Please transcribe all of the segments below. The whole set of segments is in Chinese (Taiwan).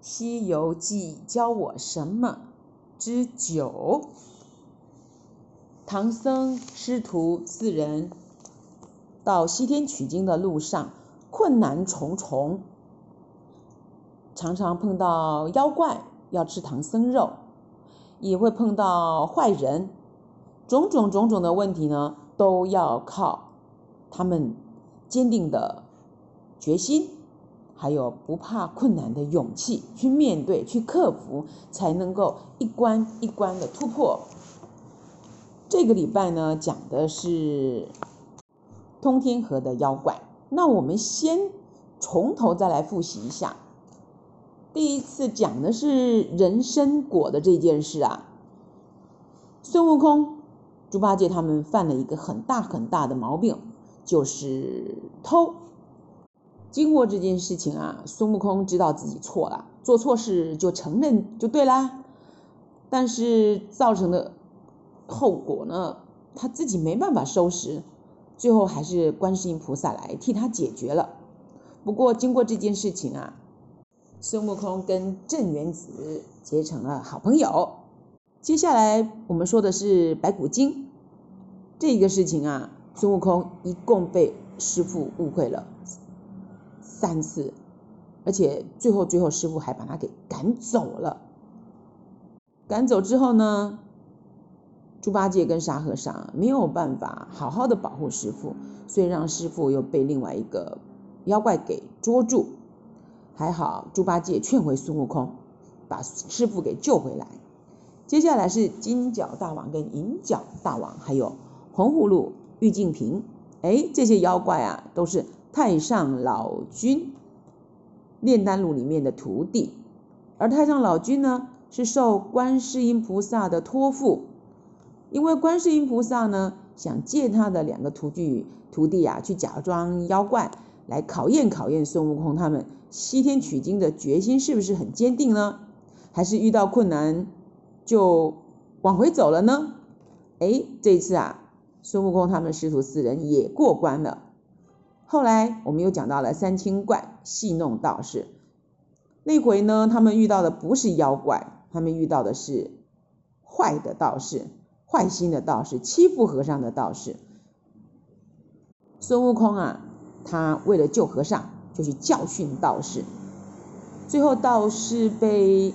《西游記》教我什麼之九，唐僧師徒四人到西天取經的路上，困難重重，常常碰到妖怪要吃唐僧肉，也會碰到壞人，種種種種的問題呢，都要靠他們堅定的決心。還有不怕困難的勇氣，去面對、去克服，才能夠一關一關的突破。這個禮拜呢，講的是通天河的妖怪。那我們先從頭再來複習一下。第一次講的是人參果的這件事啊，孫悟空、豬八戒他們犯了一個很大很大的毛病，就是偷。經過這件事情啊，孫悟空知道自己錯了，做錯事就承認就對啦。但是造成的後果呢，他自己沒辦法收拾，最後還是觀世音菩薩來替他解決了。不過經過這件事情啊，孫悟空跟鎮元子結成了好朋友。接下來我們說的是白骨精這個事情啊，孫悟空一共被師傅誤會了。三次，而且最後最後師父還把他給趕走了。趕走之後呢，豬八戒跟沙和尚沒有辦法好好的保護師父，所以讓師父又被另外一個妖怪給捉住。還好豬八戒勸回孫悟空，把師父給救回來。接下來是金角大王跟銀角大王，還有紅葫蘆、玉淨瓶，哎，這些妖怪啊都是。太上老君煉丹爐裡面的徒弟，而太上老君呢是受觀世音菩薩的托付，因為觀世音菩薩呢想借他的兩個徒弟徒弟啊去假裝妖怪來考驗考驗孫悟空他們西天取經的決心是不是很堅定呢？還是遇到困難就往回走了呢？哎，這次啊，孫悟空他們師徒四人也過關了。後來我們又講到了三清觀戲弄道士，那回呢，他們遇到的不是妖怪，他們遇到的是壞的道士、壞心的道士、欺負和尚的道士。孫悟空啊，他為了救和尚，就去教訓道士。最後道士被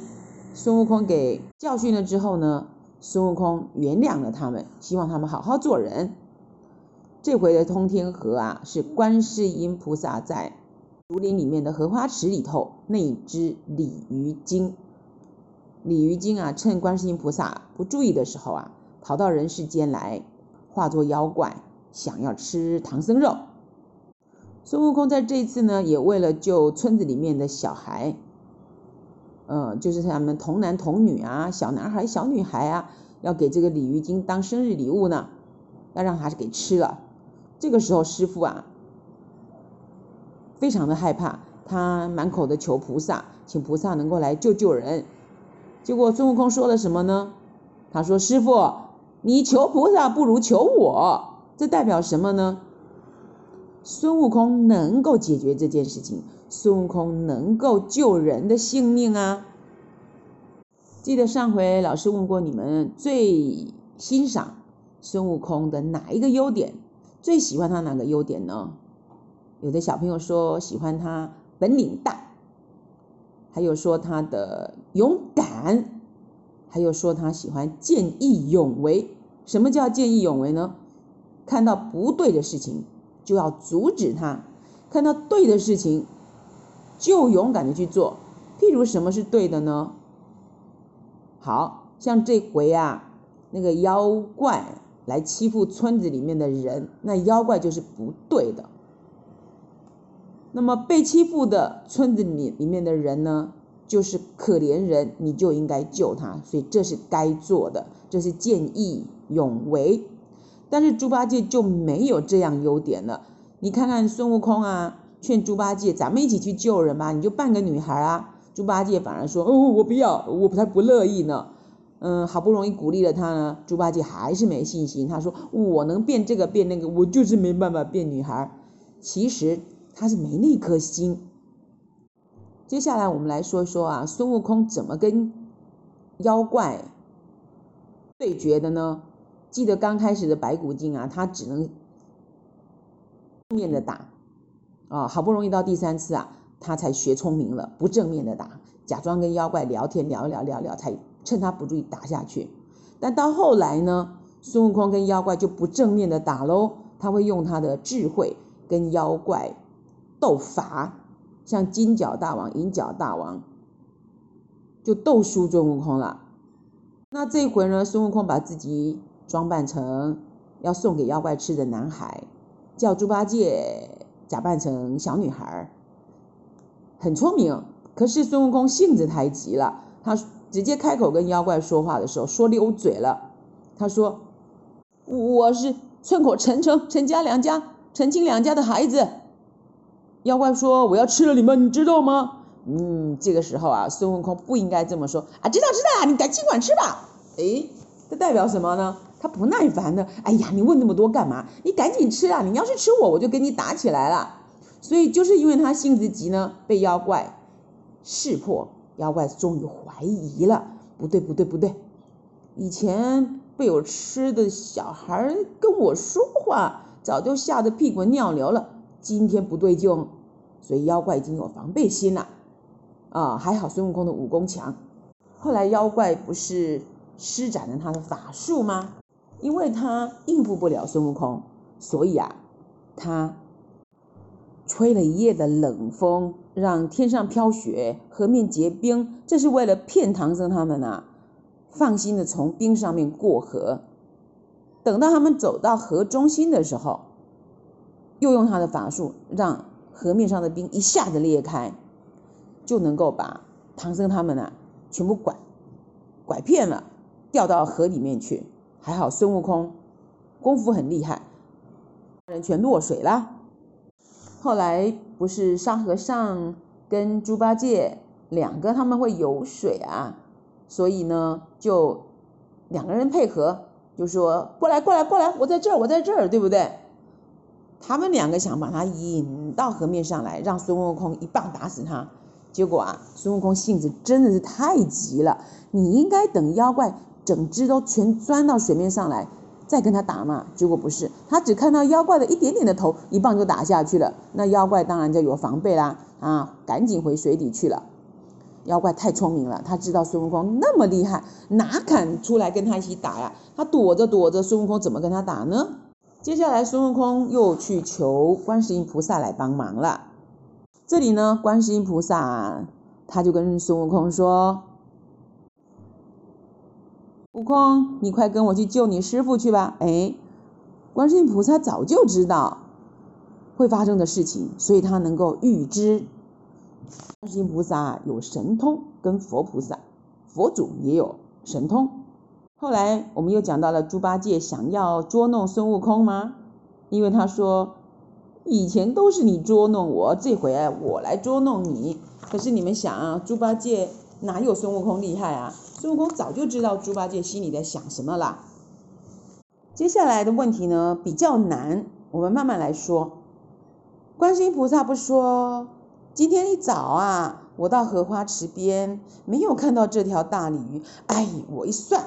孫悟空給教訓了之後呢，孫悟空原諒了他們，希望他們好好做人。這回的通天河啊，是觀世音菩薩在竹林裡面的荷花池裡頭，那隻鯉魚精，鯉魚精啊，趁觀世音菩薩不注意的時候啊，跑到人世間來，化作妖怪，想要吃唐僧肉。孫悟空在這一次呢，也為了救村子裡面的小孩，嗯，呃，就是他們童男童女啊，小男孩小女孩啊，要給這個鯉魚精當生日禮物呢，要讓他是給吃了。這個時候，師父啊，非常的害怕，他滿口的求菩薩，請菩薩能夠來救救人。結果孫悟空說了什麼呢？他說：“師父，你求菩薩不如求我。”這代表什麼呢？孫悟空能夠解決這件事情，孫悟空能夠救人的性命啊！記得上回老師問過你們，最欣賞孫悟空的哪一個優點？最喜歡他哪個優點呢？有的小朋友說喜歡他本領大，還有說他的勇敢，還有說他喜歡見義勇為。什麼叫見義勇為呢？看到不對的事情就要阻止他，看到對的事情就勇敢的去做。譬如什麼是對的呢？好，像這回啊，那個妖怪，來欺負村子裡面的人，那妖怪就是不對的。那麼被欺負的村子裡裡面的人呢，就是可憐人，你就應該救他，所以這是該做的，這是見義勇為。但是豬八戒就沒有這樣優點了。你看看孫悟空啊，勸豬八戒，咱們一起去救人吧，你就扮個女孩啊。豬八戒反而說，哦，我不要，我才不，不樂意呢。嗯，好不容易鼓勵了他呢，豬八戒還是沒信心。他說：“我能變這個變那個，我就是沒辦法變女孩。”其實他是沒那顆心。接下來我們來說一說啊，孫悟空怎麼跟妖怪對決的呢？記得剛開始的白骨精啊，他只能正面的打啊，好不容易到第三次啊，他才學聰明了，不正面的打，假裝跟妖怪聊天，聊一聊，聊聊才。趁他不注意打下去，但到後來呢，孫悟空跟妖怪就不正面的打嘍，他會用他的智慧跟妖怪鬥法，像金角大王、銀角大王就鬥輸孫悟空了。那這一回呢，孫悟空把自己裝扮成要送給妖怪吃的男孩，叫豬八戒，假扮成小女孩，很聰明。可是孫悟空性子太急了，他。直接開口跟妖怪說話的時候，說溜嘴了。他說：“我是村口陳澄陳家兩家陳清兩家的孩子。”妖怪說：“我要吃了你們，你知道嗎？”嗯，這個時候啊，孫悟空不應該這麼說。啊，知道知道，你趕緊儘管吃吧。哎，這代表什麼呢？他不耐煩的。哎呀，你問那麼多幹嘛？你趕緊吃啊！你要是吃我，我就給你打起來了。所以就是因為他性子急呢，被妖怪識破。妖怪終於懷疑了，不對，不對，不對！以前被我吃的小孩跟我說話，早就嚇得屁滾尿流了。今天不對勁，所以妖怪已經有防備心了。啊、哦，還好孫悟空的武功強。後來妖怪不是施展了他的法術嗎？因為他應付不了孫悟空，所以啊，他。吹了一夜的冷風，讓天上飄雪，河面結冰，這是為了騙唐僧他們吶、啊，放心的從冰上面過河。等到他們走到河中心的時候，又用他的法術讓河面上的冰一下子裂開，就能夠把唐僧他們吶、啊、全部拐拐騙了，掉到河裡面去。還好孫悟空功夫很厲害，人全落水了。後來不是沙和尚跟豬八戒兩個他們會游水啊，所以呢就兩個人配合，就說，過來過來過來，我在這兒我在這兒，對不對？他們兩個想把他引到河面上來，讓孫悟空一棒打死他。結果啊，孫悟空性子真的是太急了，你應該等妖怪整隻都全鑽到水面上來。再跟他打嘛，結果不是，他只看到妖怪的一點點的頭，一棒就打下去了。那妖怪當然就有防備啦，啊，趕緊回水底去了。妖怪太聰明了，他知道孫悟空那麼厲害，哪敢出來跟他一起打呀啊？他躲着躲着，孫悟空怎麼跟他打呢？接下來，孫悟空又去求觀世音菩薩來幫忙了。這裡呢，觀世音菩薩啊，他就跟孫悟空說。悟空，你快跟我去救你師父去吧！誒、哎，觀世音菩薩早就知道會發生的事情，所以他能夠預知。觀世音菩薩有神通，跟佛菩薩、佛祖也有神通。後來我們又講到了豬八戒想要捉弄孫悟空嗎？因為他說以前都是你捉弄我，這回我來捉弄你。可是你們想啊，豬八戒。哪有孫悟空厲害啊？孫悟空早就知道豬八戒心裡在想什麼了。接下來的問題呢，比較難，我們慢慢來說。觀音菩薩不說，今天一早啊，我到荷花池邊，沒有看到這條大鯉魚，哎，我一算，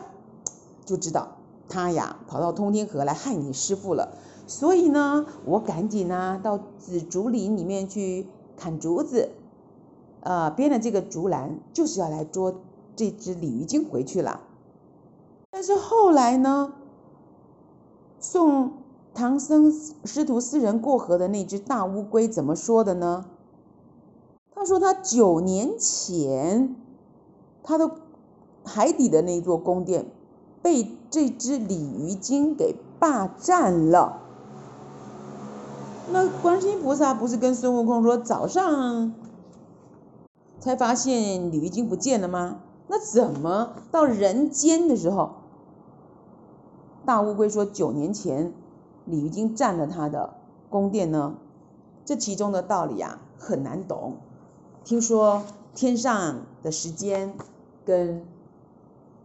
就知道他呀跑到通天河來害你師父了，所以呢，我趕緊呢到紫竹林裡面去砍竹子。呃，編的這個竹籃就是要來捉這隻鯉魚精回去了，但是後來呢，送唐僧師徒四人過河的那隻大烏龜怎麼說的呢？他說他九年前，他的海底的那座宮殿被這隻鯉魚精給霸占了。那觀世音菩薩不是跟孫悟空說早上？才發現鯉魚精不見了嗎？那怎麼到人間的時候，大烏龜說九年前鯉魚精占了他的宮殿呢？這其中的道理啊很難懂。聽說天上的時間跟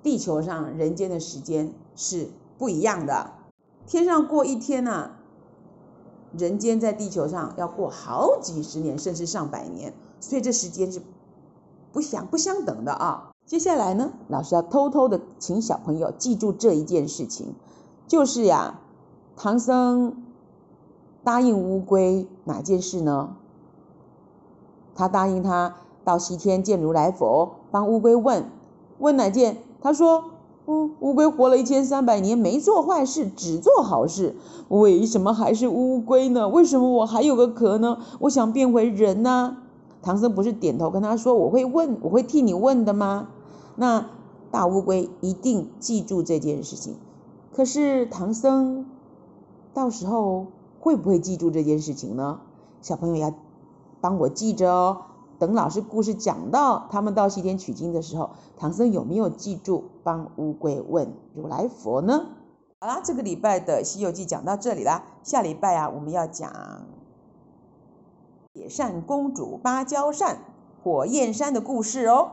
地球上人間的時間是不一樣的，天上過一天啊，人間在地球上要過好幾十年，甚至上百年，所以這時間是。不想不相等的啊，接下來呢，老師要偷偷的請小朋友記住這一件事情，就是呀，唐僧答應烏龜哪件事呢？他答應他到西天見如來佛，幫烏龜問問哪件？他說烏、嗯、烏龜活了一千三百年，沒做壞事，只做好事，為什麼還是烏龜呢？為什麼我還有個殼呢？我想變回人吶、啊。唐僧不是點頭跟他說：“我會問，我會替你問的嗎？”那大烏龜一定記住這件事情。可是唐僧到時候會不會記住這件事情呢？小朋友要幫我記着哦。等老師故事講到他們到西天取經的時候，唐僧有沒有記住幫烏龜問如來佛呢？好啦，這個禮拜的《西遊記》講到這裡啦。下禮拜啊，我們要講。鐵扇公主、芭蕉扇、火焰山的故事哦。